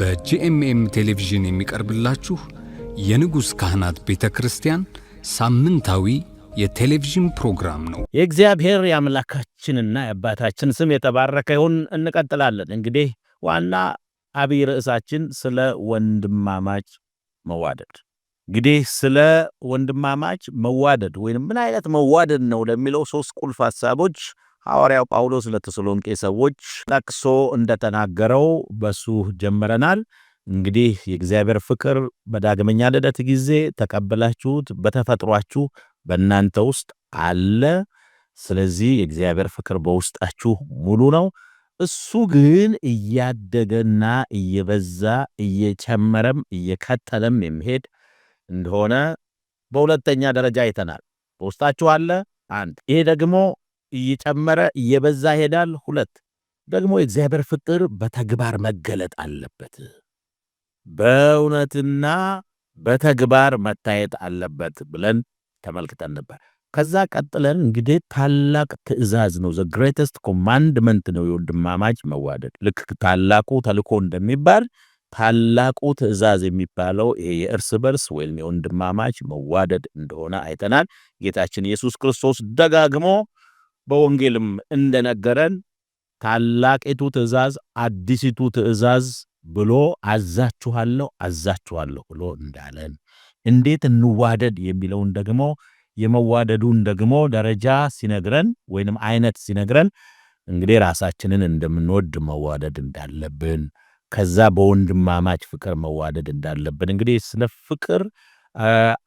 በጂኤምኤም ቴሌቪዥን የሚቀርብላችሁ የንጉሥ ካህናት ቤተ ክርስቲያን ሳምንታዊ የቴሌቪዥን ፕሮግራም ነው። የእግዚአብሔር የአምላካችንና የአባታችን ስም የተባረከ ይሁን። እንቀጥላለን። እንግዲህ ዋና አብይ ርዕሳችን ስለ ወንድማማች መዋደድ እንግዲህ ስለ ወንድማማች መዋደድ ወይም ምን አይነት መዋደድ ነው ለሚለው ሶስት ቁልፍ ሀሳቦች ሐዋርያው ጳውሎስ ለተሰሎንቄ ሰዎች ጠቅሶ እንደተናገረው በሱ ጀምረናል። እንግዲህ የእግዚአብሔር ፍቅር በዳግመኛ ልደት ጊዜ ተቀበላችሁት፣ በተፈጥሯችሁ በእናንተ ውስጥ አለ። ስለዚህ የእግዚአብሔር ፍቅር በውስጣችሁ ሙሉ ነው። እሱ ግን እያደገና እየበዛ እየጨመረም እየከተለም የሚሄድ እንደሆነ በሁለተኛ ደረጃ አይተናል። በውስጣችሁ አለ አንድ። ይሄ ደግሞ እየጨመረ እየበዛ ሄዳል። ሁለት ደግሞ የእግዚአብሔር ፍቅር በተግባር መገለጥ አለበት። በእውነትና በተግባር መታየት አለበት ብለን ተመልክተን ነበር። ከዛ ቀጥለን እንግዲህ ታላቅ ትእዛዝ ነው፣ ዘ ግሬተስት ኮማንድመንት ነው የወንድማማች መዋደድ። ልክ ታላቁ ተልእኮ እንደሚባል ታላቁ ትእዛዝ የሚባለው ይሄ የእርስ በርስ ወይም የወንድማማች መዋደድ እንደሆነ አይተናል። ጌታችን ኢየሱስ ክርስቶስ ደጋግሞ በወንጌልም እንደነገረን ታላቂቱ ትእዛዝ አዲሲቱ ትእዛዝ ብሎ አዛችኋለሁ አዛችኋለሁ ብሎ እንዳለን እንዴት እንዋደድ የሚለውን ደግሞ የመዋደዱን ደግሞ ደረጃ ሲነግረን ወይንም አይነት ሲነግረን እንግዲህ ራሳችንን እንደምንወድ መዋደድ እንዳለብን ከዛ በወንድማማች ፍቅር መዋደድ እንዳለብን እንግዲህ ስለ ፍቅር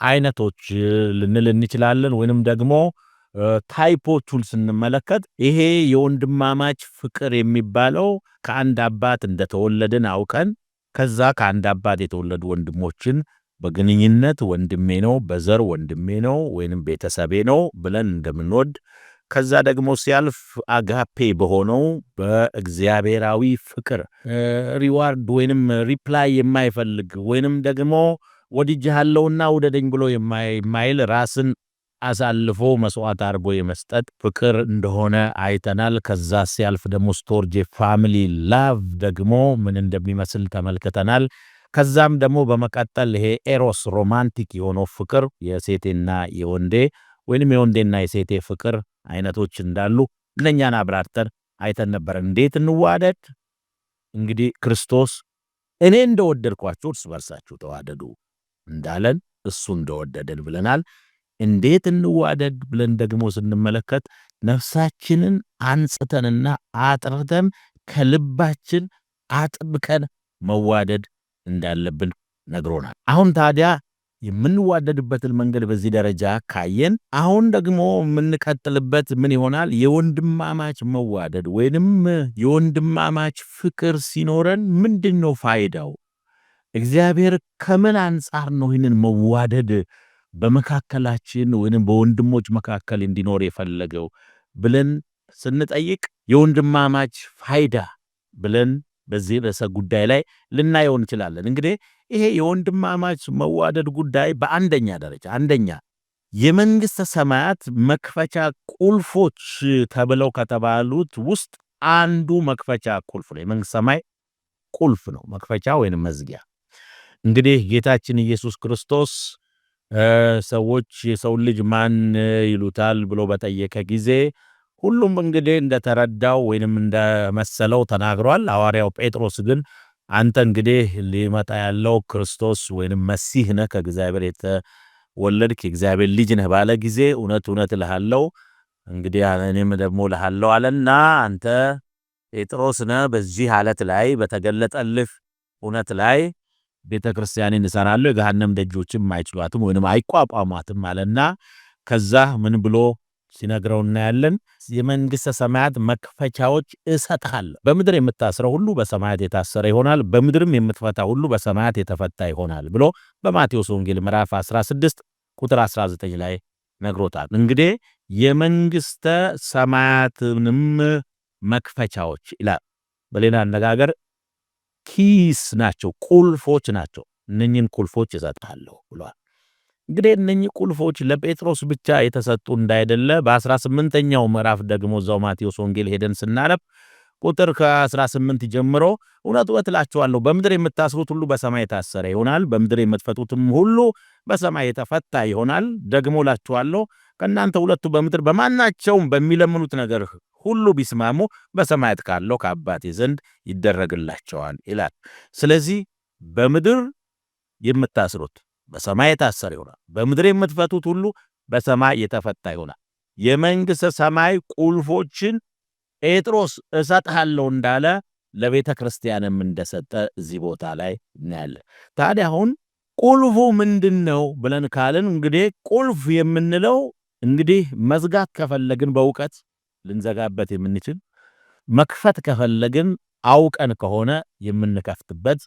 አይነቶች ልንል እንችላለን ወይንም ደግሞ ታይፖቹን ስንመለከት ይሄ የወንድማማች ፍቅር የሚባለው ከአንድ አባት እንደተወለድን አውቀን ከዛ ከአንድ አባት የተወለዱ ወንድሞችን በግንኙነት ወንድሜ ነው፣ በዘር ወንድሜ ነው ወይንም ቤተሰቤ ነው ብለን እንደምንወድ ከዛ ደግሞ ሲያልፍ አጋፔ በሆነው በእግዚአብሔራዊ ፍቅር ሪዋርድ ወይንም ሪፕላይ የማይፈልግ ወይንም ደግሞ ወድጅሃለውና ውደደኝ ብሎ የማይል ራስን አሳልፎ መስዋዕት አድርጎ የመስጠት ፍቅር እንደሆነ አይተናል። ከዛ ሲያልፍ ደግሞ ስቶርጅ ፋሚሊ ላቭ ደግሞ ምን እንደሚመስል ተመልክተናል። ከዛም ደግሞ በመቀጠል ይሄ ኤሮስ ሮማንቲክ የሆነው ፍቅር የሴቴና የወንዴ ወይንም የወንዴና የሴቴ ፍቅር አይነቶች እንዳሉ እነኛን አብራርተን አይተን ነበር። እንዴት እንዋደድ እንግዲህ ክርስቶስ እኔ እንደወደድኳችሁ እርስ በርሳችሁ ተዋደዱ እንዳለን እሱ እንደወደደን ብለናል። እንዴት እንዋደድ ብለን ደግሞ ስንመለከት ነፍሳችንን አንጽተንና አጥርተን ከልባችን አጥብቀን መዋደድ እንዳለብን ነግሮናል። አሁን ታዲያ የምንዋደድበትን መንገድ በዚህ ደረጃ ካየን አሁን ደግሞ የምንቀጥልበት ምን ይሆናል? የወንድማማች መዋደድ ወይንም የወንድማማች ፍቅር ሲኖረን ምንድን ነው ፋይዳው? እግዚአብሔር ከምን አንጻር ነው ይህንን መዋደድ በመካከላችን ወይም በወንድሞች መካከል እንዲኖር የፈለገው ብለን ስንጠይቅ የወንድማማች ፋይዳ ብለን በዚህ ርዕሰ ጉዳይ ላይ ልናየው እንችላለን። እንግዲህ ይሄ የወንድማማች መዋደድ ጉዳይ በአንደኛ ደረጃ አንደኛ የመንግሥተ ሰማያት መክፈቻ ቁልፎች ተብለው ከተባሉት ውስጥ አንዱ መክፈቻ ቁልፍ ነው። የመንግሥተ ሰማይ ቁልፍ ነው መክፈቻ ወይም መዝጊያ። እንግዲህ ጌታችን ኢየሱስ ክርስቶስ ሰዎች የሰውን ልጅ ማን ይሉታል ብሎ በጠየቀ ጊዜ ሁሉም እንግዲህ እንደተረዳው ወይንም እንደመሰለው ተናግሯል። ሐዋርያው ጴጥሮስ ግን አንተ እንግዲህ ሊመጣ ያለው ክርስቶስ ወይንም መሲህ ነህ፣ ከእግዚአብሔር የተወለድክ የእግዚአብሔር ልጅ ነህ ባለ ጊዜ እውነት እውነት እልሃለሁ እንግዲህ እኔም ደግሞ እልሃለሁ አለና አንተ ጴጥሮስ ነህ በዚህ አለት ላይ በተገለጠልህ እውነት ላይ ቤተ ክርስቲያንን እሰራለሁ የገሃነም ደጆችም አይችሏትም ወይም አይቋቋማትም አለና ከዛ ምን ብሎ ሲነግረው እናያለን። የመንግሥተ ሰማያት መክፈቻዎች እሰጥሃለሁ። በምድር የምታስረው ሁሉ በሰማያት የታሰረ ይሆናል፣ በምድርም የምትፈታ ሁሉ በሰማያት የተፈታ ይሆናል ብሎ በማቴዎስ ወንጌል ምዕራፍ 16 ቁጥር 19 ላይ ነግሮታል። እንግዲህ የመንግሥተ ሰማያትንም መክፈቻዎች ይላል። በሌላ አነጋገር ኪስ ናቸው፣ ቁልፎች ናቸው። እነኝን ቁልፎች እሰጥሃለሁ ብሏል። እንግዲህ እነኚህ ቁልፎች ለጴጥሮስ ብቻ የተሰጡ እንዳይደለ በ18ኛው ምዕራፍ ደግሞ እዛው ማቴዎስ ወንጌል ሄደን ስናነብ ቁጥር ከ18 ጀምሮ እውነት እውነት እላችኋለሁ በምድር የምታስሩት ሁሉ በሰማይ የታሰረ ይሆናል፣ በምድር የምትፈቱትም ሁሉ በሰማይ የተፈታ ይሆናል። ደግሞ እላችኋለሁ ከእናንተ ሁለቱ በምድር በማናቸውም በሚለምኑት ነገር ሁሉ ቢስማሙ በሰማያት ካለው ከአባቴ ዘንድ ይደረግላቸዋል ይላል። ስለዚህ በምድር የምታስሩት በሰማይ የታሰረ ይሆናል። በምድር የምትፈቱት ሁሉ በሰማይ የተፈታ ይሆናል። የመንግሥተ ሰማይ ቁልፎችን ጴጥሮስ እሰጥሃለሁ እንዳለ ለቤተ ክርስቲያንም እንደሰጠ እዚህ ቦታ ላይ እናያለን። ታዲያ አሁን ቁልፉ ምንድን ነው ብለን ካልን እንግዲህ ቁልፍ የምንለው እንግዲህ መዝጋት ከፈለግን በእውቀት ልንዘጋበት የምንችል መክፈት ከፈለግን አውቀን ከሆነ የምንከፍትበት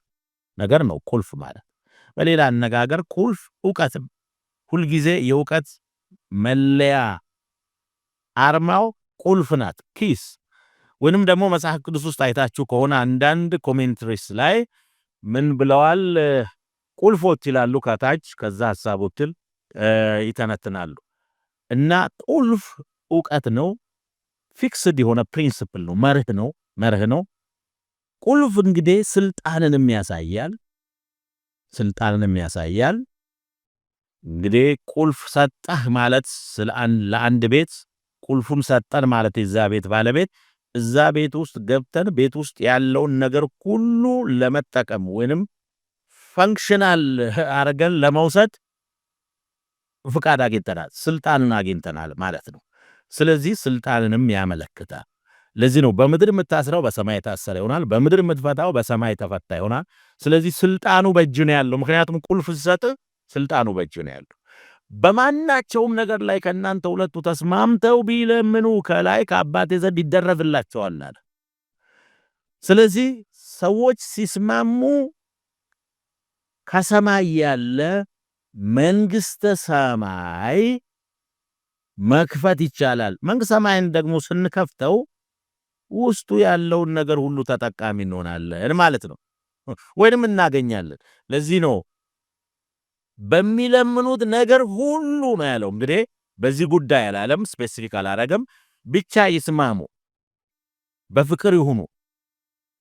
ነገር ነው ቁልፍ ማለት። በሌላ አነጋገር ቁልፍ እውቀትም ሁልጊዜ የእውቀት መለያ አርማው ቁልፍ ናት፣ ኪስ ወይንም ደግሞ መጽሐፍ ቅዱስ ውስጥ አይታችሁ ከሆነ አንዳንድ ኮሜንትሪስ ላይ ምን ብለዋል? ቁልፎች ይላሉ ከታች ከዛ ሀሳቦችን ይተነትናሉ። እና ቁልፍ እውቀት ነው። ፊክስድ የሆነ ፕሪንስፕል ነው፣ መርህ ነው፣ መርህ ነው። ቁልፍ እንግዲህ ስልጣንንም ያሳያል፣ ስልጣንንም ያሳያል። እንግዲህ ቁልፍ ሰጠህ ማለት ለአንድ ቤት ቁልፉን ሰጠን ማለት የዛ ቤት ባለቤት እዛ ቤት ውስጥ ገብተን ቤት ውስጥ ያለውን ነገር ሁሉ ለመጠቀም ወይንም ፈንክሽናል አርገን ለመውሰድ ፍቃድ አግኝተናል፣ ስልጣንን አግኝተናል ማለት ነው። ስለዚህ ስልጣንንም ያመለክታል። ለዚህ ነው በምድር የምታስረው በሰማይ የታሰረ ይሆናል፣ በምድር የምትፈታው በሰማይ የተፈታ ይሆናል። ስለዚህ ስልጣኑ በእጅ ነው ያለው። ምክንያቱም ቁልፍ ሲሰጥ ስልጣኑ በእጅ ነው ያለው። በማናቸውም ነገር ላይ ከእናንተ ሁለቱ ተስማምተው ቢለምኑ ከላይ ከአባቴ ዘንድ ይደረግላቸዋል አለ። ስለዚህ ሰዎች ሲስማሙ ከሰማይ ያለ መንግስተ ሰማይ መክፈት ይቻላል። መንግሥተ ሰማይን ደግሞ ስንከፍተው ውስጡ ያለውን ነገር ሁሉ ተጠቃሚ እንሆናለን ማለት ነው፣ ወይንም እናገኛለን። ለዚህ ነው በሚለምኑት ነገር ሁሉ ነው ያለው። እንግዲህ በዚህ ጉዳይ አላለም፣ ስፔሲፊክ አላረገም። ብቻ ይስማሙ፣ በፍቅር ይሁኑ።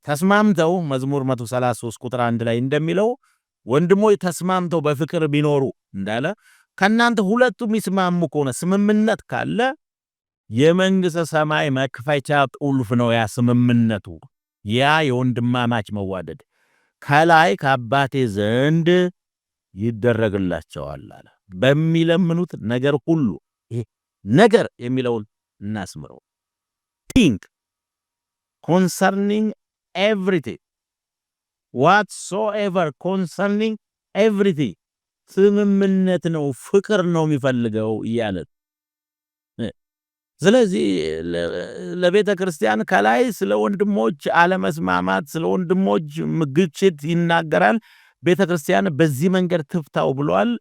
ተስማምተው መዝሙር 133 ቁጥር 1 ላይ እንደሚለው ወንድሞች ተስማምተው በፍቅር ቢኖሩ እንዳለ ከእናንተ ሁለቱ የሚስማሙ ከሆነ ስምምነት ካለ የመንግሥተ ሰማይ መክፈቻ ቁልፍ ነው። ያ ስምምነቱ ያ የወንድማማች መዋደድ ከላይ ከአባቴ ዘንድ ይደረግላቸዋል አለ። በሚለምኑት ነገር ሁሉ ይሄ ነገር የሚለውን እናስምረው። ቲንክ ኮንሰርኒንግ ኤቭሪቲንግ ዋትሶኤቨር ኮንሰርኒንግ ኤቭሪቲንግ ስምምነት ነው፣ ፍቅር ነው የሚፈልገው እያለን ስለዚህ ለቤተ ክርስቲያን ከላይ ስለ ወንድሞች አለመስማማት፣ ስለ ወንድሞች ምግጭት ይናገራል። ቤተ ክርስቲያን በዚህ መንገድ ትፍታው ብሏል።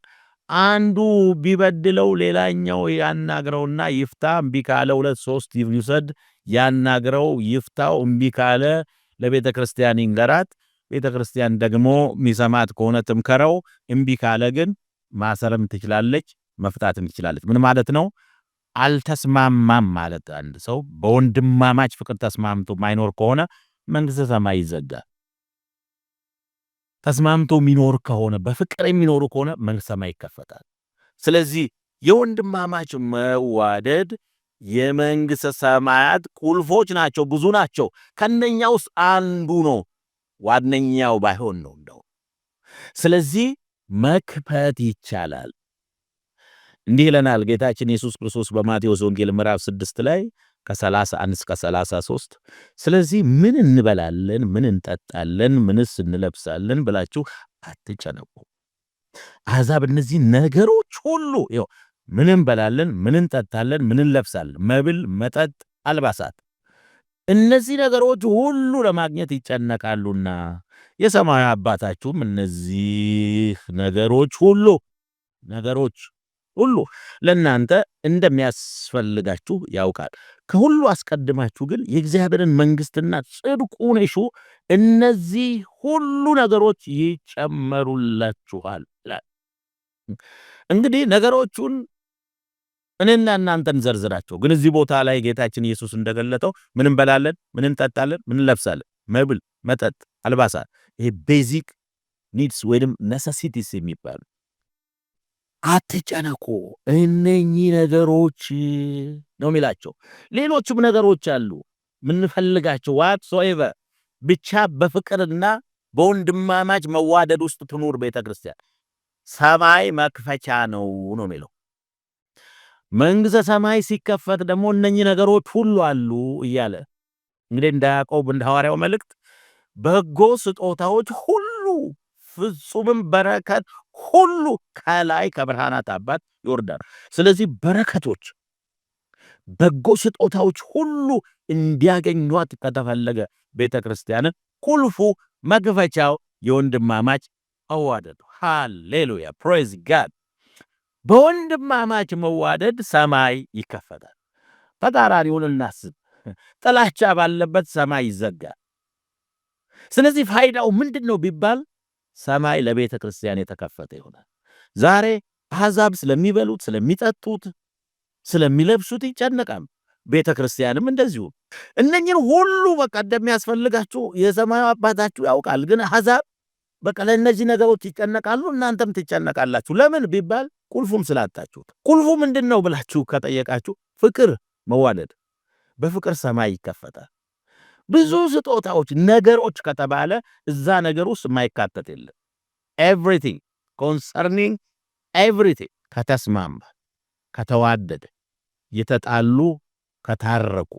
አንዱ ቢበድለው ሌላኛው ያናግረውና ይፍታ። እምቢ ካለ ሁለት ሶስት ይውሰድ፣ ያናግረው፣ ይፍታው። እምቢ ካለ ለቤተ ክርስቲያን ይንገራት። ቤተ ክርስቲያን ደግሞ ሚሰማት ከሆነ ትምከረው፣ እምቢ ካለ ግን ማሰርም ትችላለች፣ መፍታትም ትችላለች። ምን ማለት ነው? አልተስማማም ማለት አንድ ሰው በወንድማማች ፍቅር ተስማምቶ ማይኖር ከሆነ መንግስተ ሰማይ ይዘጋል። ተስማምቶ የሚኖር ከሆነ በፍቅር የሚኖሩ ከሆነ መንግስተ ሰማይ ይከፈታል። ስለዚህ የወንድማማች መዋደድ የመንግስተ ሰማያት ቁልፎች ናቸው። ብዙ ናቸው። ከነኛ ውስጥ አንዱ ነው ዋነኛው ባይሆን ነው እንደው። ስለዚህ መክፈት ይቻላል። እንዲህ ይለናል ጌታችን ኢየሱስ ክርስቶስ በማቴዎስ ወንጌል ምዕራፍ 6 ላይ ከ31 እስከ 33 ስለዚህ ምን እንበላለን፣ ምን እንጠጣለን፣ ምንስ እንለብሳለን ብላችሁ አትጨነቁ። አሕዛብ እነዚህ ነገሮች ሁሉ ምን እንበላለን፣ ምን እንጠጣለን፣ ምን እንለብሳለን፣ መብል፣ መጠጥ፣ አልባሳት እነዚህ ነገሮች ሁሉ ለማግኘት ይጨነቃሉና የሰማያዊ አባታችሁም እነዚህ ነገሮች ሁሉ ነገሮች ሁሉ ለእናንተ እንደሚያስፈልጋችሁ ያውቃል። ከሁሉ አስቀድማችሁ ግን የእግዚአብሔርን መንግስትና ጽድቁን እሹ፣ እነዚህ ሁሉ ነገሮች ይጨመሩላችኋል። እንግዲህ ነገሮቹን እኔና እናንተን ዘርዝራቸው። ግን እዚህ ቦታ ላይ ጌታችን ኢየሱስ እንደገለጠው ምን እንበላለን፣ ምን እንጠጣለን፣ ምን እንለብሳለን፣ መብል፣ መጠጥ፣ አልባሳት፣ ይሄ ቤዚክ ኒድስ ወይም ነሰሲቲስ የሚባሉ አትጨነቁ፣ እነኚህ ነገሮች ነው የሚላቸው። ሌሎችም ነገሮች አሉ ምንፈልጋቸው ዋት ብቻ በፍቅርና በወንድማማች መዋደድ ውስጥ ትኑር ቤተ ክርስቲያን። ሰማይ መክፈቻ ነው ነው የሚለው መንግሥተ ሰማይ ሲከፈት ደግሞ እነኚህ ነገሮች ሁሉ አሉ እያለ እንግዲህ እንደ ያዕቆብ እንደ ሐዋርያው መልእክት በጎ ስጦታዎች ሁሉ ፍጹምም በረከት ሁሉ ከላይ ከብርሃናት አባት ይወርዳል። ስለዚህ በረከቶች በጎ ስጦታዎች ሁሉ እንዲያገኟት ከተፈለገ ቤተ ክርስቲያንን ቁልፉ መክፈቻው የወንድማማች አዋደዱ። ሃሌሉያ ፕሬዝ ጋድ በወንድማማች መዋደድ ሰማይ ይከፈታል። ተቃራሪውን እናስብ። ጥላቻ ባለበት ሰማይ ይዘጋል። ስለዚህ ፋይዳው ምንድን ነው ቢባል ሰማይ ለቤተ ክርስቲያን የተከፈተ ይሆናል። ዛሬ አሕዛብ ስለሚበሉት፣ ስለሚጠጡት፣ ስለሚለብሱት ይጨነቃም? ቤተ ክርስቲያንም እንደዚሁ። እነኝን ሁሉ በቃ እንደሚያስፈልጋችሁ የሰማዩ አባታችሁ ያውቃል። ግን አሕዛብ በቃ ለእነዚህ ነገሮች ይጨነቃሉ፣ እናንተም ትጨነቃላችሁ። ለምን ቢባል ቁልፉም ስላጣችሁት። ቁልፉ ምንድን ነው ብላችሁ ከጠየቃችሁ ፍቅር፣ መዋለድ በፍቅር ሰማይ ይከፈታል። ብዙ ስጦታዎች፣ ነገሮች ከተባለ እዛ ነገር ውስጥ የማይካተት የለም። ኤቭሪቲንግ ኮንሰርኒንግ ኤቭሪቲንግ ከተስማማ፣ ከተዋደደ፣ የተጣሉ ከታረቁ፣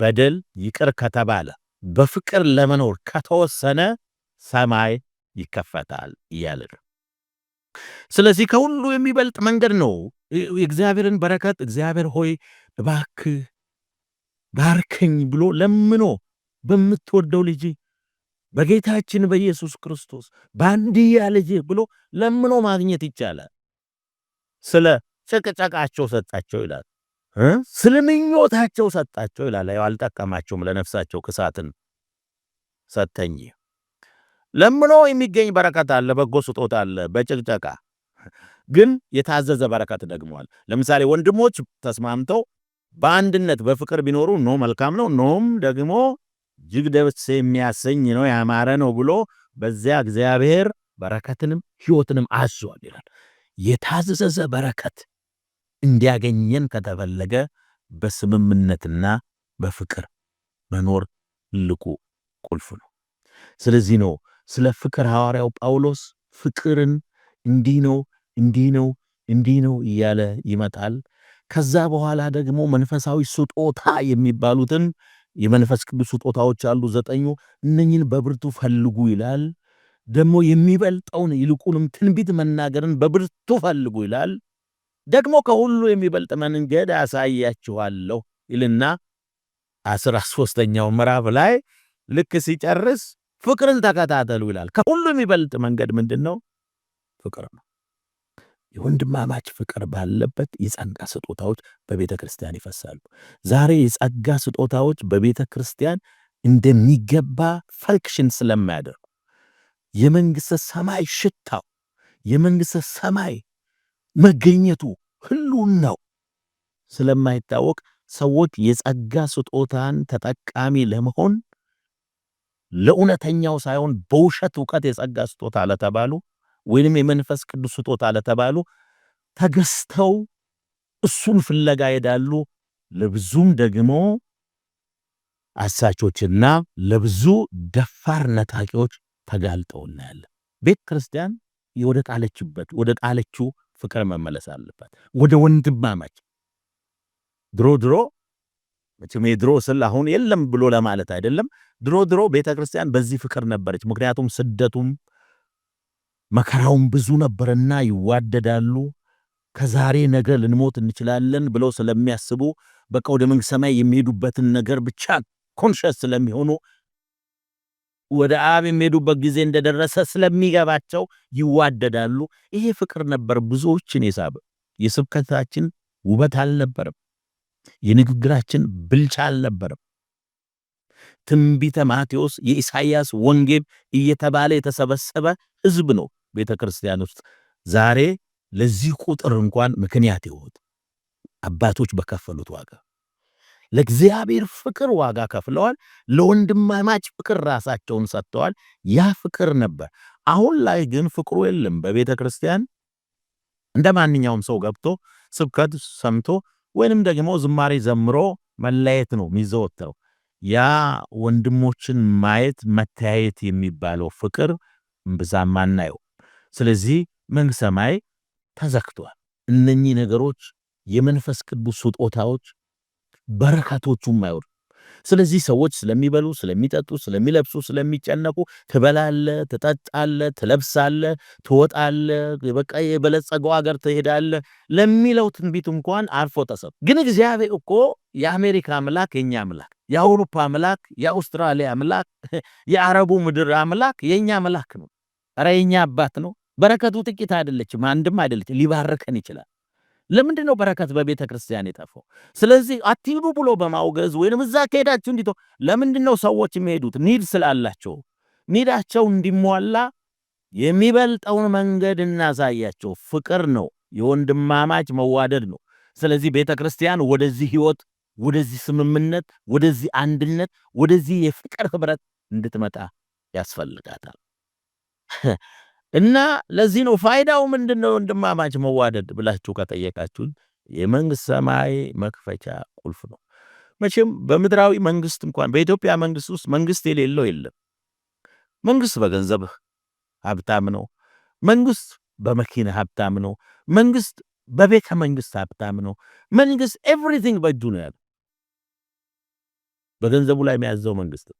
በደል ይቅር ከተባለ፣ በፍቅር ለመኖር ከተወሰነ ሰማይ ይከፈታል እያለ ነው። ስለዚህ ከሁሉ የሚበልጥ መንገድ ነው። የእግዚአብሔርን በረከት እግዚአብሔር ሆይ እባክ ባርከኝ ብሎ ለምኖ በምትወደው ልጅ በጌታችን በኢየሱስ ክርስቶስ በአንድያ ልጅ ብሎ ለምኖ ማግኘት ይቻላል። ስለ ጭቅጨቃቸው ሰጣቸው ይላል። ስለ ምኞታቸው ሰጣቸው ይላል። ያው አልጠቀማቸውም፣ ለነፍሳቸው ክሳትን ሰተኝ። ለምኖ የሚገኝ በረከት አለ፣ በጎ ስጦታ አለ። በጭቅጨቃ ግን የታዘዘ በረከት ደግሟል። ለምሳሌ ወንድሞች ተስማምተው በአንድነት በፍቅር ቢኖሩ ኖ መልካም ነው፣ ኖም ደግሞ እጅግ ደስ የሚያሰኝ ነው፣ ያማረ ነው ብሎ በዚያ እግዚአብሔር በረከትንም ሕይወትንም አዟል ይላል። የታዘዘ በረከት እንዲያገኘን ከተፈለገ በስምምነትና በፍቅር መኖር ትልቁ ቁልፍ ነው። ስለዚህ ነው ስለ ፍቅር ሐዋርያው ጳውሎስ ፍቅርን እንዲህ ነው እንዲህ ነው እንዲህ ነው እያለ ይመጣል። ከዛ በኋላ ደግሞ መንፈሳዊ ስጦታ የሚባሉትን የመንፈስ ቅዱስ ስጦታዎች አሉ ዘጠኙ። እነኝን በብርቱ ፈልጉ ይላል። ደግሞ የሚበልጠውን ይልቁንም ትንቢት መናገርን በብርቱ ፈልጉ ይላል። ደግሞ ከሁሉ የሚበልጥ መንገድ አሳያችኋለሁ ይልና አስራ ሶስተኛው ምዕራፍ ላይ ልክ ሲጨርስ ፍቅርን ተከታተሉ ይላል። ከሁሉ የሚበልጥ መንገድ ምንድን ነው? ፍቅር ነው። የወንድማማች ፍቅር ባለበት የጸጋ ስጦታዎች በቤተ ክርስቲያን ይፈሳሉ። ዛሬ የጸጋ ስጦታዎች በቤተ ክርስቲያን እንደሚገባ ፈንክሽን ስለማያደርጉ የመንግሥተ ሰማይ ሽታው የመንግሥተ ሰማይ መገኘቱ ህልውናው ስለማይታወቅ ሰዎች የጸጋ ስጦታን ተጠቃሚ ለመሆን ለእውነተኛው ሳይሆን በውሸት እውቀት የጸጋ ስጦታ ለተባሉ ወይንም የመንፈስ ቅዱስ ስጦታ ለተባሉ ተገዝተው እሱን ፍለጋ ይሄዳሉ። ለብዙም ደግሞ አሳቾችና ለብዙ ደፋር ነጣቂዎች ተጋልጠው እናያለን። ቤተ ክርስቲያን ወደ ጣለችበት ወደ ጣለችው ፍቅር መመለስ አለበት። ወደ ወንድማማች ድሮ ድሮ መቼም የድሮ ስል አሁን የለም ብሎ ለማለት አይደለም። ድሮ ድሮ ቤተ ክርስቲያን በዚህ ፍቅር ነበረች። ምክንያቱም ስደቱም መከራውም ብዙ ነበርና ይዋደዳሉ። ከዛሬ ነገ ልንሞት እንችላለን ብለው ስለሚያስቡ በቃ ወደ መንግሥተ ሰማይ የሚሄዱበትን ነገር ብቻ ኮንሸስ ስለሚሆኑ ወደ አብ የሚሄዱበት ጊዜ እንደደረሰ ስለሚገባቸው ይዋደዳሉ። ይሄ ፍቅር ነበር ብዙዎችን የሳበ። የስብከታችን ውበት አልነበረም። የንግግራችን ብልጫ አልነበረም። ትንቢተ ማቴዎስ የኢሳይያስ ወንጌል እየተባለ የተሰበሰበ ህዝብ ነው ቤተ ክርስቲያን ውስጥ ዛሬ ለዚህ ቁጥር እንኳን ምክንያት የሆኑት አባቶች በከፈሉት ዋጋ ለእግዚአብሔር ፍቅር ዋጋ ከፍለዋል። ለወንድማማች ፍቅር ራሳቸውን ሰጥተዋል። ያ ፍቅር ነበር። አሁን ላይ ግን ፍቅሩ የለም። በቤተ ክርስቲያን እንደ ማንኛውም ሰው ገብቶ ስብከት ሰምቶ ወይንም ደግሞ ዝማሬ ዘምሮ መለየት ነው የሚዘወተው። ያ ወንድሞችን ማየት መተያየት የሚባለው ፍቅር እምብዛም አናየው። ስለዚህ መንግሥተ ሰማይ ተዘግቷል። እነኚህ ነገሮች የመንፈስ ቅዱስ ስጦታዎች በረከቶቹም አይወዱ ስለዚህ ሰዎች ስለሚበሉ፣ ስለሚጠጡ፣ ስለሚለብሱ፣ ስለሚጨነቁ ትበላለ፣ ትጠጣለ፣ ትለብሳለ፣ ትወጣለ፣ በቃ የበለጸገው ሀገር ትሄዳለ ለሚለው ትንቢት እንኳን አልፎ ተሰብ ግን እግዚአብሔር እኮ የአሜሪካ አምላክ የኛ አምላክ፣ የአውሮፓ አምላክ፣ የአውስትራሊያ አምላክ፣ የአረቡ ምድር አምላክ የእኛ አምላክ ነው። ኧረ የኛ አባት ነው። በረከቱ ጥቂት አይደለችም፣ አንድም አይደለችም። ሊባርከን ይችላል። ለምንድን ነው በረከት በቤተ ክርስቲያን የጠፋው? ስለዚህ አትሂዱ ብሎ በማውገዝ ወይንም እዛ ከሄዳችሁ እንዲቶ ለምንድን ነው ሰዎች የሚሄዱት? ኒድ ስላላቸው ኒዳቸው እንዲሟላ የሚበልጠውን መንገድ እናሳያቸው። ፍቅር ነው፣ የወንድማማች መዋደድ ነው። ስለዚህ ቤተ ክርስቲያን ወደዚህ ህይወት፣ ወደዚህ ስምምነት፣ ወደዚህ አንድነት፣ ወደዚህ የፍቅር ህብረት እንድትመጣ ያስፈልጋታል። እና ለዚህ ነው ፋይዳው ምንድን ነው ወንድማማች መዋደድ ብላችሁ ከጠየቃችሁ የመንግስት ሰማይ መክፈቻ ቁልፍ ነው። መቼም በምድራዊ መንግስት እንኳን በኢትዮጵያ መንግስት ውስጥ መንግስት የሌለው የለም። መንግስት በገንዘብ ሀብታም ነው። መንግስት በመኪና ሀብታም ነው። መንግስት በቤተ መንግስት ሀብታም ነው። መንግስት ኤቭሪቲንግ በእጁ ነው ያለ። በገንዘቡ ላይ የሚያዘው መንግስት ነው።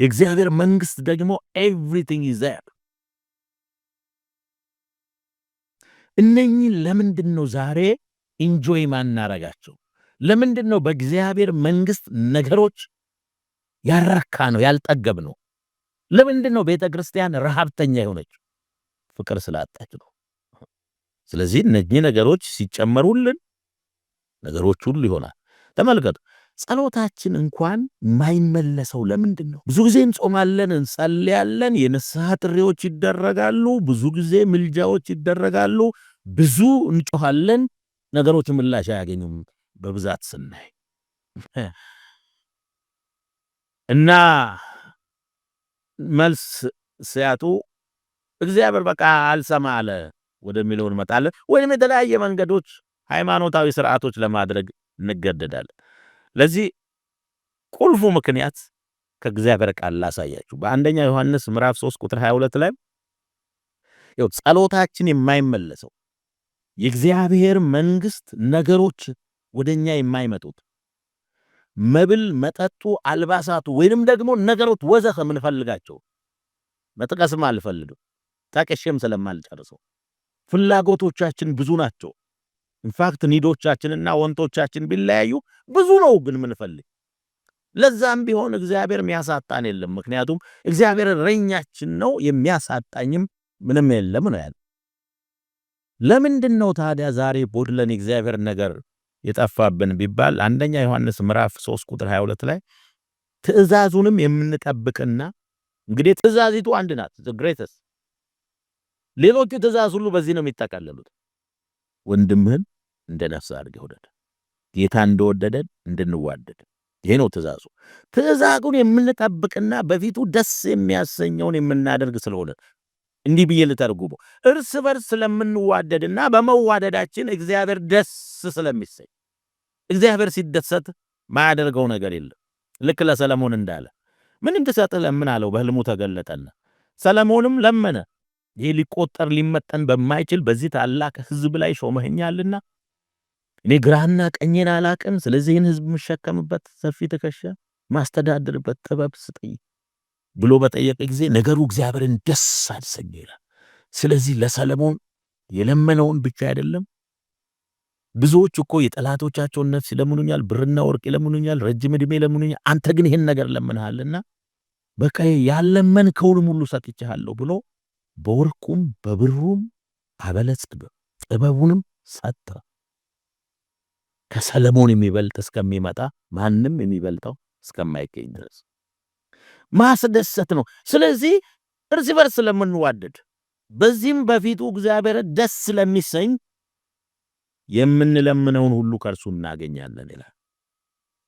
የእግዚአብሔር መንግስት ደግሞ ኤቭሪቲንግ ይዘያል። እነኚህ ለምንድን ነው ዛሬ ኢንጆይ ማናረጋቸው? ለምንድን ነው በእግዚአብሔር መንግሥት ነገሮች ያራካ ነው ያልጠገብ ነው? ለምንድን ነው ቤተ ክርስቲያን ረሃብተኛ የሆነች? ፍቅር ስላጣች ነው። ስለዚህ እነኚህ ነገሮች ሲጨመሩልን ነገሮች ሁሉ ይሆናል። ተመልከቱ። ጸሎታችን እንኳን ማይመለሰው ለምንድን ነው? ብዙ ጊዜ እንጾማለን፣ እንጸልያለን፣ የንስሐ ጥሪዎች ይደረጋሉ፣ ብዙ ጊዜ ምልጃዎች ይደረጋሉ፣ ብዙ እንጮኋለን፣ ነገሮች ምላሽ አያገኙም። በብዛት ስናይ እና መልስ ሲያጡ እግዚአብሔር በቃ አልሰማ አለ ወደሚለው እንመጣለን። ወይም የተለያየ መንገዶች ሃይማኖታዊ ስርዓቶች ለማድረግ እንገደዳለን። ለዚህ ቁልፉ ምክንያት ከእግዚአብሔር ቃል ላሳያችሁ። በአንደኛ ዮሐንስ ምዕራፍ 3 ቁጥር 22 ላይ ጸሎታችን የማይመለሰው የእግዚአብሔር መንግስት ነገሮች ወደኛ የማይመጡት መብል፣ መጠጡ፣ አልባሳቱ ወይንም ደግሞ ነገሮች ወዘህ የምንፈልጋቸው መጥቀስም አልፈልግም ጠቅሼም ስለማልጨርሰው ፍላጎቶቻችን ብዙ ናቸው። ኢንፋክት ኒዶቻችንና ወንቶቻችን ቢለያዩ ብዙ ነው ግን ምንፈልግ። ለዛም ቢሆን እግዚአብሔር የሚያሳጣን የለም። ምክንያቱም እግዚአብሔር እረኛችን ነው፣ የሚያሳጣኝም ምንም የለም ነው ያለ። ለምንድን ነው ታዲያ ዛሬ ቦድለን እግዚአብሔር ነገር የጠፋብን ቢባል አንደኛ ዮሐንስ ምዕራፍ 3 ቁጥር 22 ላይ ትእዛዙንም የምንጠብቅና እንግዲህ ትእዛዚቱ አንድ ናት፣ ግሬተስ ሌሎቹ ትእዛዝ ሁሉ በዚህ ነው የሚጠቀለሉት ወንድምህን እንደ ነፍስ አድርገህ ውደድ። ጌታ እንደወደደን እንድንዋደድ ይሄ ነው ትእዛዙ። ትእዛዙን የምንጠብቅና በፊቱ ደስ የሚያሰኘውን የምናደርግ ስለሆነ እንዲህ ብዬ ልተርጉመው፣ እርስ በርስ ስለምንዋደድና በመዋደዳችን እግዚአብሔር ደስ ስለሚሰኝ። እግዚአብሔር ሲደሰት ማያደርገው ነገር የለም። ልክ ለሰለሞን እንዳለ ምን እንድሰጥህ ለምን አለው፣ በህልሙ ተገለጠና ሰለሞንም ለመነ። ይህ ሊቆጠር ሊመጠን በማይችል በዚህ ታላቅ ሕዝብ ላይ ሾመህኛልና እኔ ግራና ቀኝን አላቅም። ስለዚህን ህዝብ የምሸከምበት ሰፊ ትከሻ ማስተዳድርበት ጥበብ ስጠይ ብሎ በጠየቀ ጊዜ ነገሩ እግዚአብሔርን ደስ አሰኘ ይላል። ስለዚህ ለሰለሞን የለመነውን ብቻ አይደለም። ብዙዎች እኮ የጠላቶቻቸውን ነፍስ ይለምኑኛል፣ ብርና ወርቅ ይለምኑኛል፣ ረጅም ዕድሜ ይለምኑኛል፣ አንተ ግን ይህን ነገር ለምንሃልና በቃ ያለመንከውንም ሁሉ ሰጥቼሃለሁ ብሎ በወርቁም በብሩም አበለጽግ ጥበቡንም ሰጠ። ከሰለሞን የሚበልጥ እስከሚመጣ ማንም የሚበልጠው እስከማይገኝ ድረስ ማስደሰት ነው። ስለዚህ እርስ በርስ ስለምንዋደድ በዚህም በፊቱ እግዚአብሔር ደስ ስለሚሰኝ የምንለምነውን ሁሉ ከእርሱ እናገኛለን ይላል።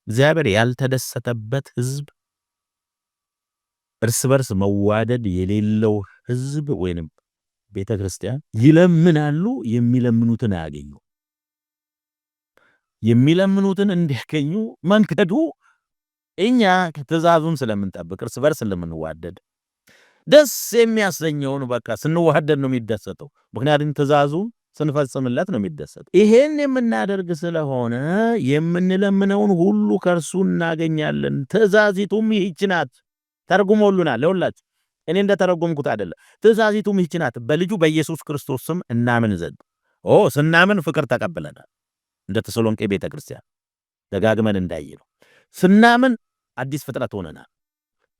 እግዚአብሔር ያልተደሰተበት ሕዝብ እርስ በርስ መዋደድ የሌለው ሕዝብ ወይንም ቤተ ክርስቲያን ይለምናሉ፣ የሚለምኑትን አያገኙ። የሚለምኑትን እንዲያገኙ መንገዱ እኛ ትእዛዙን ስለምንጠብቅ እርስ በርስ ስለምንዋደድ ደስ የሚያሰኘውን በቃ ስንዋደድ ነው የሚደሰተው። ምክንያቱም ትእዛዙ ስንፈጽምለት ነው የሚደሰተው ይሄን የምናደርግ ስለሆነ የምንለምነውን ሁሉ ከእርሱ እናገኛለን። ትእዛዚቱም ይህች ናት። ተርጉሞሉናል ለሁላችሁ። እኔ እንደተረጎምኩት አይደለም። ትእዛዚቱም ይህች ናት፣ በልጁ በኢየሱስ ክርስቶስ ስም እናምን ዘንድ። ኦ ስናምን ፍቅር ተቀብለናል። እንደ ተሰሎንቄ ቤተ ክርስቲያን ደጋግመን እንዳየ ነው። ስናምን አዲስ ፍጥረት ሆነናል።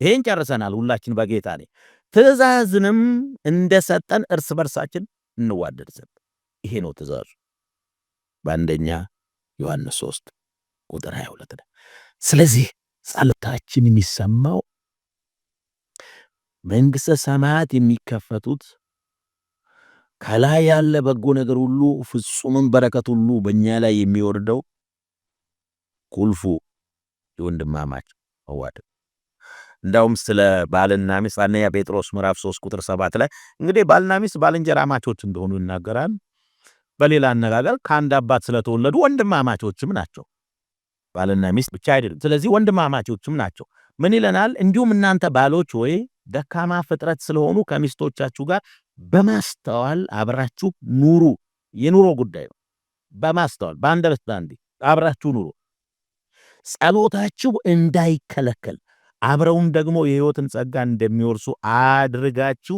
ይሄን ጨርሰናል። ሁላችን በጌታ ነ ትእዛዝንም እንደሰጠን እርስ በርሳችን እንዋደድ ዘንድ ይሄ ነው ትእዛዙ በአንደኛ ዮሐንስ 3 ቁጥር 22 ነው። ስለዚህ ጸሎታችን የሚሰማው መንግሥተ ሰማያት የሚከፈቱት ከላይ ያለ በጎ ነገር ሁሉ ፍጹምን በረከት ሁሉ በእኛ ላይ የሚወርደው ቁልፉ የወንድማማች መዋደድ። እንዳውም ስለ ባልና ሚስት አንደኛ ጴጥሮስ ምዕራፍ 3 ቁጥር 7 ላይ እንግዲህ ባልና ሚስት ባልንጀራማቾች እንደሆኑ ይናገራል። በሌላ አነጋገር ከአንድ አባት ስለተወለዱ ወንድማማቾችም ናቸው። ባልና ሚስት ብቻ አይደለም። ስለዚህ ወንድማማቾችም ናቸው። ምን ይለናል? እንዲሁም እናንተ ባሎች ወይ ደካማ ፍጥረት ስለሆኑ ከሚስቶቻችሁ ጋር በማስተዋል አብራችሁ ኑሩ። የኑሮ ጉዳይ ነው። በማስተዋል በአንደርስታንድ አብራችሁ ኑሩ። ጸሎታችሁ እንዳይከለከል አብረውም ደግሞ የሕይወትን ጸጋ እንደሚወርሱ አድርጋችሁ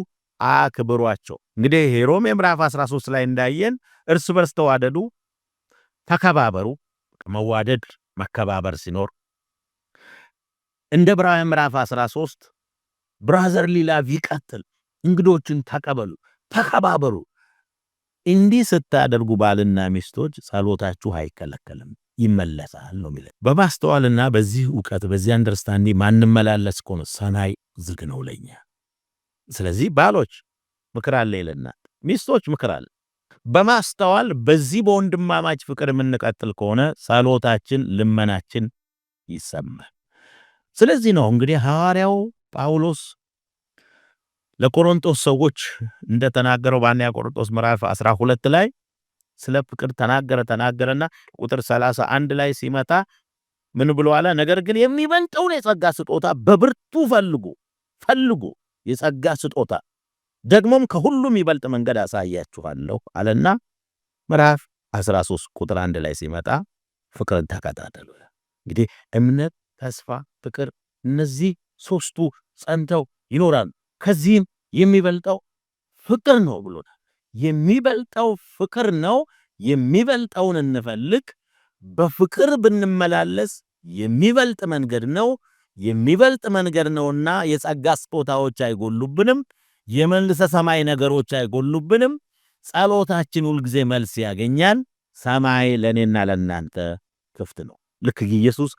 አክብሯቸው። እንግዲህ ሮሜ ምዕራፍ 13 ላይ እንዳየን እርስ በርስ ተዋደዱ፣ ተከባበሩ። መዋደድ መከባበር ሲኖር እንደ ዕብራውያን ምዕራፍ 13 ብራዘርሊ ላቭ ይቀጥል። እንግዶችን ተቀበሉ፣ ተከባበሩ። እንዲህ ስታደርጉ ባልና ሚስቶች ጸሎታችሁ አይከለከልም፣ ይመለሳል ነው የሚለው። በማስተዋልና በዚህ እውቀት በዚህ አንደርስታንዲ ማንመላለስ ከሆነ ሰናይ ዝግ ነው ለኛ። ስለዚህ ባሎች ምክር አለ ይለና ሚስቶች ምክር አለ። በማስተዋል በዚህ በወንድማማች ፍቅር የምንቀጥል ከሆነ ጸሎታችን፣ ልመናችን ይሰማል። ስለዚህ ነው እንግዲህ ሐዋርያው ጳውሎስ ለቆሮንቶስ ሰዎች እንደተናገረው በአንደኛ ቆሮንቶስ ምዕራፍ 12 ላይ ስለ ፍቅር ተናገረ ተናገረና ቁጥር 31 ላይ ሲመጣ ምን ብሎ አለ? ነገር ግን የሚበልጠውን የጸጋ ስጦታ በብርቱ ፈልጉ ፈልጉ የጸጋ ስጦታ ደግሞም ከሁሉም ይበልጥ መንገድ አሳያችኋለሁ አለና ምዕራፍ 13 ቁጥር 1 ላይ ሲመጣ ፍቅርን ተከታተሉ። እንግዲህ እምነት፣ ተስፋ፣ ፍቅር እነዚህ ሶስቱ ጸንተው ይኖራሉ። ከዚህም የሚበልጠው ፍቅር ነው ብሎናል። የሚበልጠው ፍቅር ነው። የሚበልጠውን እንፈልግ። በፍቅር ብንመላለስ የሚበልጥ መንገድ ነው የሚበልጥ መንገድ ነውና የጸጋ ስጦታዎች አይጎሉብንም። የመልሰ ሰማይ ነገሮች አይጎሉብንም። ጸሎታችን ሁልጊዜ መልስ ያገኛል። ሰማይ ለእኔና ለእናንተ ክፍት ነው። ልክ ኢየሱስ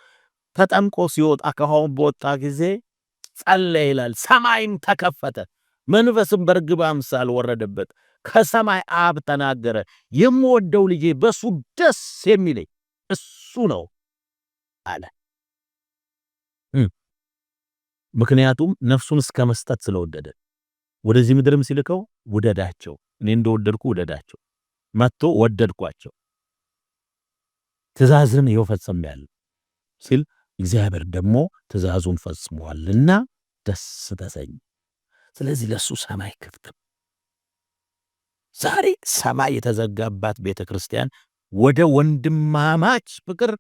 ተጠምቆ ሲወጣ ከውሃው በወጣ ጊዜ ጸለየ ይላል። ሰማይም ተከፈተ፣ መንፈስም በርግብ አምሳል ወረደበት፣ ከሰማይ አብ ተናገረ። የምወደው ልጄ በሱ ደስ የሚለኝ እሱ ነው አለ። ምክንያቱም ነፍሱን እስከ መስጠት ስለወደደ ወደዚህ ምድርም ሲልከው ውደዳቸው፣ እኔ እንደወደድኩ ውደዳቸው። መጥቶ ወደድኳቸው፣ ትእዛዝን ይኸው ፈጽሜያለሁ ሲል እግዚአብሔር ደግሞ ትእዛዙን ፈጽሟልና ደስ ተሰኝ። ስለዚህ ለእሱ ሰማይ ክፍት ዛሬ ሰማይ የተዘጋባት ቤተ ክርስቲያን ወደ ወንድማማች ፍቅር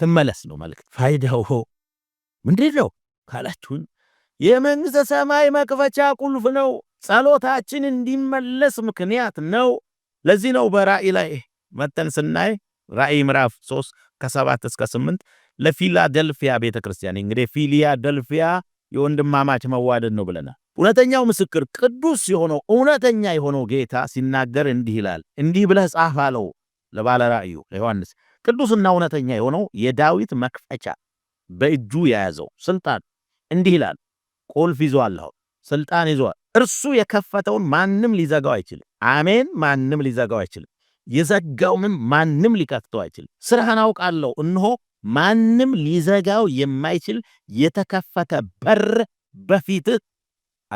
ትመለስ ነው መልእክት። ፋይዳው ምንድን ነው ካላችሁን፣ የመንግሥተ ሰማይ መክፈቻ ቁልፍ ነው። ጸሎታችን እንዲመለስ ምክንያት ነው። ለዚህ ነው በራእይ ላይ መጠን ስናይ ራእይ ምዕራፍ 3 ከ7 እስከ 8 ለፊላደልፊያ ቤተ ክርስቲያን እንግዲህ ፊሊያደልፊያ የወንድማማች መዋደድ ነው ብለናል። እውነተኛው ምስክር ቅዱስ የሆነው እውነተኛ የሆነው ጌታ ሲናገር እንዲህ ይላል፣ እንዲህ ብለህ ጻፍ አለው ለባለ ራእዩ ለዮሐንስ። ቅዱስና እውነተኛ የሆነው የዳዊት መክፈቻ በእጁ የያዘው ስልጣን እንዲህ ይላል፣ ቁልፍ ይዟል፣ ስልጣን ይዟል። እርሱ የከፈተውን ማንም ሊዘጋው አይችልም። አሜን። ማንም ሊዘጋው አይችልም። የዘጋውንም ማንም ሊከፍተው አይችልም። ስራህን አውቃለሁ፣ እንሆ ማንም ሊዘጋው የማይችል የተከፈተ በር በፊትህ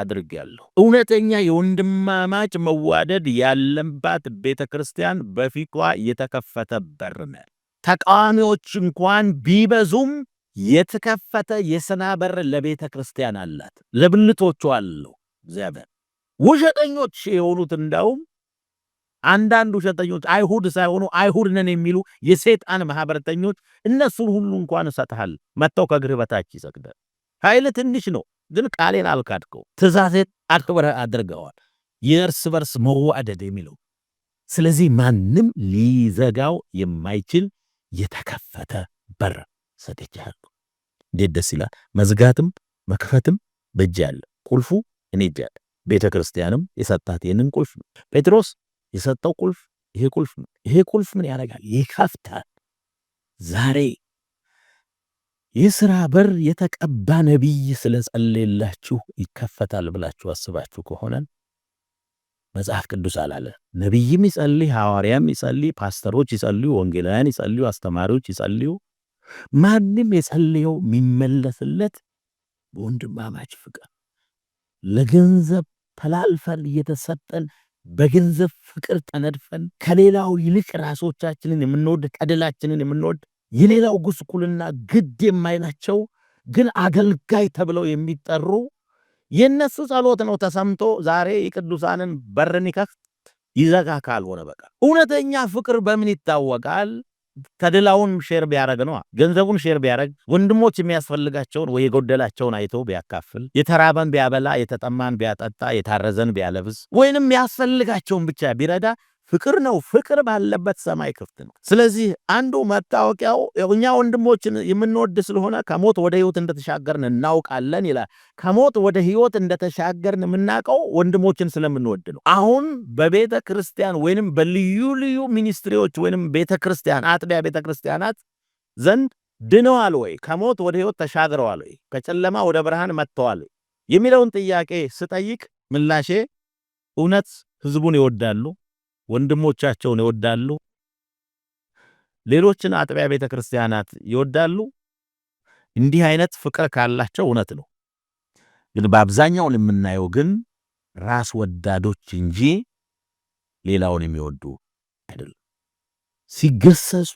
አድርጌያለሁ። እውነተኛ የወንድማማች መዋደድ ያለባት ቤተ ክርስቲያን በፊቷ የተከፈተ በር ነ። ተቃዋሚዎች እንኳን ቢበዙም የተከፈተ የሰና በር ለቤተ ክርስቲያን አላት፣ ለብልቶቹ አለው እግዚአብሔር። ውሸጠኞች የሆኑት እንዳውም አንዳንድ ውሸተኞች አይሁድ ሳይሆኑ አይሁድ ነን የሚሉ የሰይጣን ማህበረተኞች እነሱን ሁሉ እንኳን እሰጥሃል መጥተው ከእግርህ በታች ይሰግዳል። ኃይል ትንሽ ነው፣ ግን ቃሌን አልካድከው፣ ትእዛዜን አክብረ አድርገዋል። የእርስ በርስ መዋደድ የሚለው ስለዚህ ማንም ሊዘጋው የማይችል የተከፈተ በር ሰጥቻለሁ። እንዴት ደስ ይላል! መዝጋትም መክፈትም በእጅ ያለ ቁልፉ እኔ እጅ ያለ ቤተ ክርስቲያንም የሰጣት ይህንን ቁልፍ ነው ጴጥሮስ የሰጠው ቁልፍ ይሄ ቁልፍ ነው። ይሄ ቁልፍ ምን ያደርጋል? ይከፍታል። ዛሬ የስራ በር የተቀባ ነቢይ ስለጸለየላችሁ ይከፈታል ብላችሁ አስባችሁ ከሆነ መጽሐፍ ቅዱስ አላለ። ነቢይም ይጸልይ፣ ሐዋርያም ይጸልይ፣ ፓስተሮች ይጸልዩ፣ ወንጌላውያን ይጸልዩ፣ አስተማሪዎች ይጸልዩ። ማንም የጸልየው የሚመለስለት በወንድማማች ፍቅር ለገንዘብ ተላልፈን እየተሰጠን በገንዘብ ፍቅር ተነድፈን ከሌላው ይልቅ ራሶቻችንን የምንወድ ቀደላችንን የምንወድ የሌላው ጉስቁልና ግድ የማይላቸው ግን አገልጋይ ተብለው የሚጠሩ የእነሱ ጸሎት ነው ተሰምቶ ዛሬ የቅዱሳንን በርን ይከፍት ይዘጋ ካልሆነ በቃ እውነተኛ ፍቅር በምን ይታወቃል? ተድላውን ሼር ቢያደረግ ነው ገንዘቡን ሼር ቢያደረግ ወንድሞች የሚያስፈልጋቸውን ወይ የጎደላቸውን አይቶ ቢያካፍል የተራበን ቢያበላ የተጠማን ቢያጠጣ የታረዘን ቢያለብስ ወይንም ያስፈልጋቸውን ብቻ ቢረዳ ፍቅር ነው። ፍቅር ባለበት ሰማይ ክፍት ነው። ስለዚህ አንዱ መታወቂያው እኛ ወንድሞችን የምንወድ ስለሆነ ከሞት ወደ ሕይወት እንደተሻገርን እናውቃለን ይላል። ከሞት ወደ ሕይወት እንደተሻገርን የምናውቀው ወንድሞችን ስለምንወድ ነው። አሁን በቤተ ክርስቲያን ወይንም በልዩ ልዩ ሚኒስትሪዎች ወይንም ቤተ ክርስቲያን አጥቢያ ቤተ ክርስቲያናት ዘንድ ድነዋል ወይ፣ ከሞት ወደ ሕይወት ተሻግረዋል ወይ፣ ከጨለማ ወደ ብርሃን መጥተዋል የሚለውን ጥያቄ ስጠይቅ ምላሼ እውነት ህዝቡን ይወዳሉ ወንድሞቻቸውን ይወዳሉ። ሌሎችን አጥቢያ ቤተ ክርስቲያናት ይወዳሉ። እንዲህ አይነት ፍቅር ካላቸው እውነት ነው። ግን በአብዛኛው የምናየው ግን ራስ ወዳዶች እንጂ ሌላውን የሚወዱ አይደሉም። ሲገሰጹ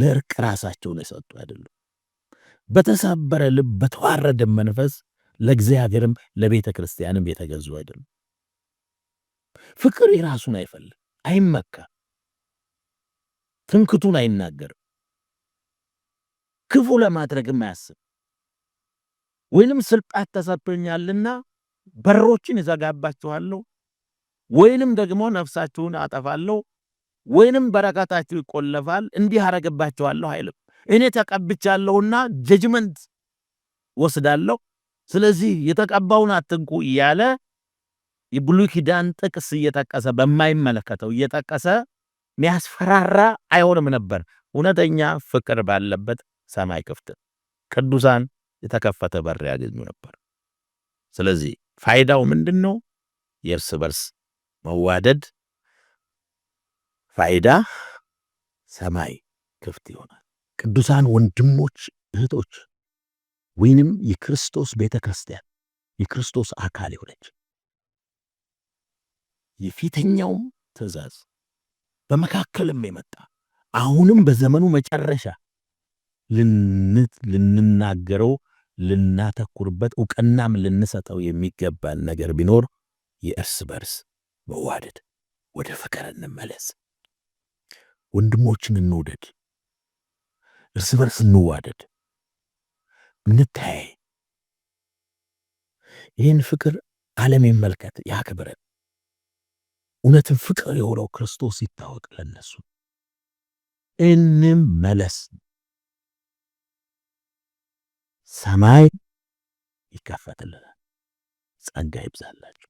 ለእርቅ ራሳቸውን የሰጡ አይደሉም። በተሰበረ ልብ በተዋረደ መንፈስ ለእግዚአብሔርም ለቤተ ክርስቲያንም የተገዙ አይደሉም። ፍቅር የራሱን አይፈልግ አይመካ፣ ትንክቱን አይናገርም። ክፉ ለማድረግም አያስብ ወይንም ስልጣት ተሰጥቶኛልና በሮችን እዘጋባችኋለሁ ወይንም ደግሞ ነፍሳችሁን አጠፋለሁ ወይንም በረከታችሁ ይቆለፋል እንዲህ አረግባችኋለሁ አይልም። እኔ ተቀብቻለሁና ጀጅመንት ወስዳለሁ። ስለዚህ የተቀባውን አትንኩ እያለ የብሉይ ኪዳን ጥቅስ እየጠቀሰ በማይመለከተው እየጠቀሰ ሚያስፈራራ አይሆንም ነበር። እውነተኛ ፍቅር ባለበት ሰማይ ክፍት፣ ቅዱሳን የተከፈተ በር ያገኙ ነበር። ስለዚህ ፋይዳው ምንድን ነው? የእርስ በርስ መዋደድ ፋይዳ ሰማይ ክፍት ይሆናል። ቅዱሳን ወንድሞች እህቶች፣ ወይንም የክርስቶስ ቤተ ክርስቲያን የክርስቶስ አካል የሆነች የፊተኛውም ትእዛዝ በመካከልም የመጣ አሁንም በዘመኑ መጨረሻ ልንናገረው ልናተኩርበት እውቅናም ልንሰጠው የሚገባን ነገር ቢኖር የእርስ በርስ መዋደድ፣ ወደ ፍቅር እንመለስ። ወንድሞችን እንውደድ፣ እርስ በርስ እንዋደድ፣ እንታያይ። ይህን ፍቅር ዓለም ይመልከት፣ ያክብረን። እውነትን ፍቅር የሆነው ክርስቶስ ይታወቅ ለነሱ እንመለስ። ሰማይ ይከፈትልናል። ጸጋ ይብዛላችሁ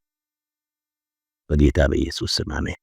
በጌታ በኢየሱስ ስም አሜን።